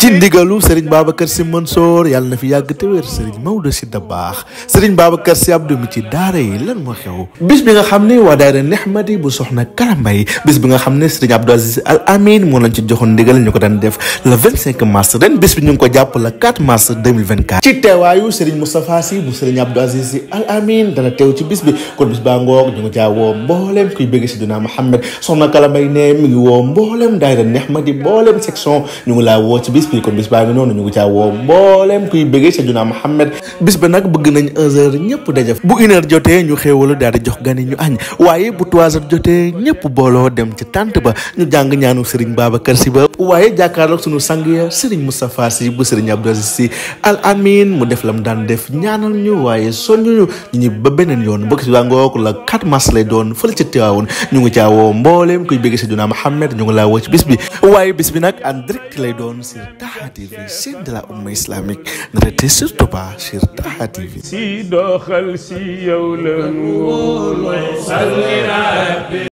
ci ndigalu serigne babacar si mansour yalla na fi yag te wer serigne mawdo si dabax serigne babacar si abdou mi ci daara yi lan mo xew bis bi nga xamne wa daara nehmadi bu soxna karambay bis bi nga xamne serigne abdou aziz al amin mo lan ci joxon ndigal ñuko ko def le 25 mars ren bis bi ñu ko japp le 4 mars 2024 ci teewaayu serigne mustapha si bu serigne abdou aziz al amin dana tew ci bis bi ko bis ba ngok ñu ngi caa kuy bëgg si dina mohammed soxna karambay ne mi ngi woo mboolem daayra section ñu ngi laa woo ci bis bi kon bis baa ngi noonu ñu ngi caa woo mbooleem ba nag bëgg nañ 1 heure ñëpp dajaf bu une heure jotee ñu xéewalu daal di jox gan ñu añ bu 3 heures jotee ñëpp booloo dem ci tànt ba ñu jàng ñaanu Serigne Babacar Sy ba waaye jàkkaarloog sunu sang ya Serigne Moustapha Sy bu Serigne Abdou Aziz Sy Al Amin mu def lam daan def ñaanal ñu waaye soññuñu ñu ñi ba beneen yoon bëgg si wàngook la 4 lay doon fële ci Tiwaawoon ñu ngi caa woo mbooleem kuy bëgg Seydina Mouhamed ñu ngi laa woo ci bis bi waaye bis bi nag andrik Leidon Sirtaha TV seen umma islamique na la te surtout